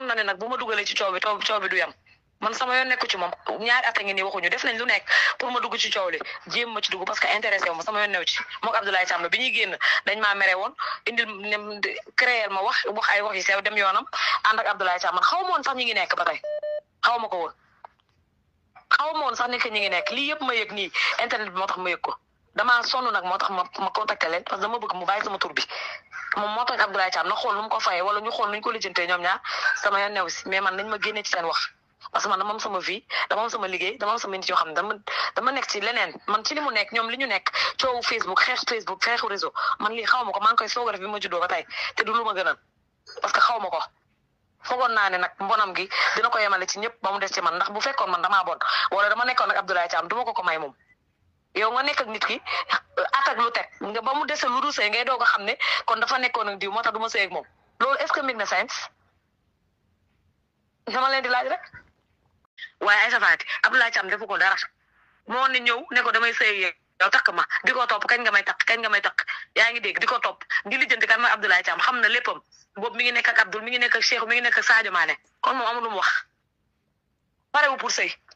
na ne nag bu ma dugalee ci coow bi coow bi du yam man sama yoon nekku ci moom ñaari at a ngi nii waxuñu def nañ lu nekk pour ma dugg ci coow li jéem ma ci dugg parce que intéressé wu ma sama yoon new ci mook Abdoulaye Thiam bi ñuy génn dañ maa mere woon indil créer ma wax wax ay wax yi sew dem yoonam ànd ak Abdoulaye Thiam man xaw ma woon sax ñu ngi nekk ba xaw ma ko woon xaw ma woon sax nekk ñu ngi nekk lii yëpp ma yëg nii internet bi moo tax ma yëg ko damaa sonn nag moo tax ma ma contacté leen parce que dama bëgg mu bàyyi sama tur bi moom moo tooñ Abdoulaye Thiam na xool nu mu ko fayee wala ñu xool nu ñu ko lijjantee ñoom ñaar sama yoon new si mais man nañ ma génne ci seen wax parce que man dama am sama vie dama am sama liggéey dama am sama nit yoo xam ne dama dama nekk ci leneen man ci li mu nekk ñoom li ñu nekk coowu Facebook xeex Facebook xeexu réseau man lii xaw ma ko maa ngi koy soog a def bi ma juddoo ba tey te du lu ma gënal parce que xaw ma ko foogoon naa ne nag mbonam gi dina ko yemale ci ñëpp ba mu des ci man ndax bu fekkoon man damaa bon wala dama nekkoon nag Abdoulaye Thiam du ma ko ko may moom yow nga nekk ak nit ki euh, at ak lu teg nga ba mu dese lu dul sëy ngay doog a xam ne kon dafa nekkoon ak diw moo tax duma ma sëy moom loolu est-ce que make na sense dama leen di laaj rek waaye Aïssa Faty Abdoulaye Thiam defu ko dara moo ne ñëw ne ko damay sëy yeeg yow takk ma di ko topp kañ nga may takk kañ nga may takk yaa ngi dégg di ko topp di lijjanti kan mooy Abdoulaye Thiam xam na léppam boob mi ngi nekk ak Abdoul mi ngi nekk ak mi ngi nekk ak Sadio kon moom amul lu mu wax parewu pour sëy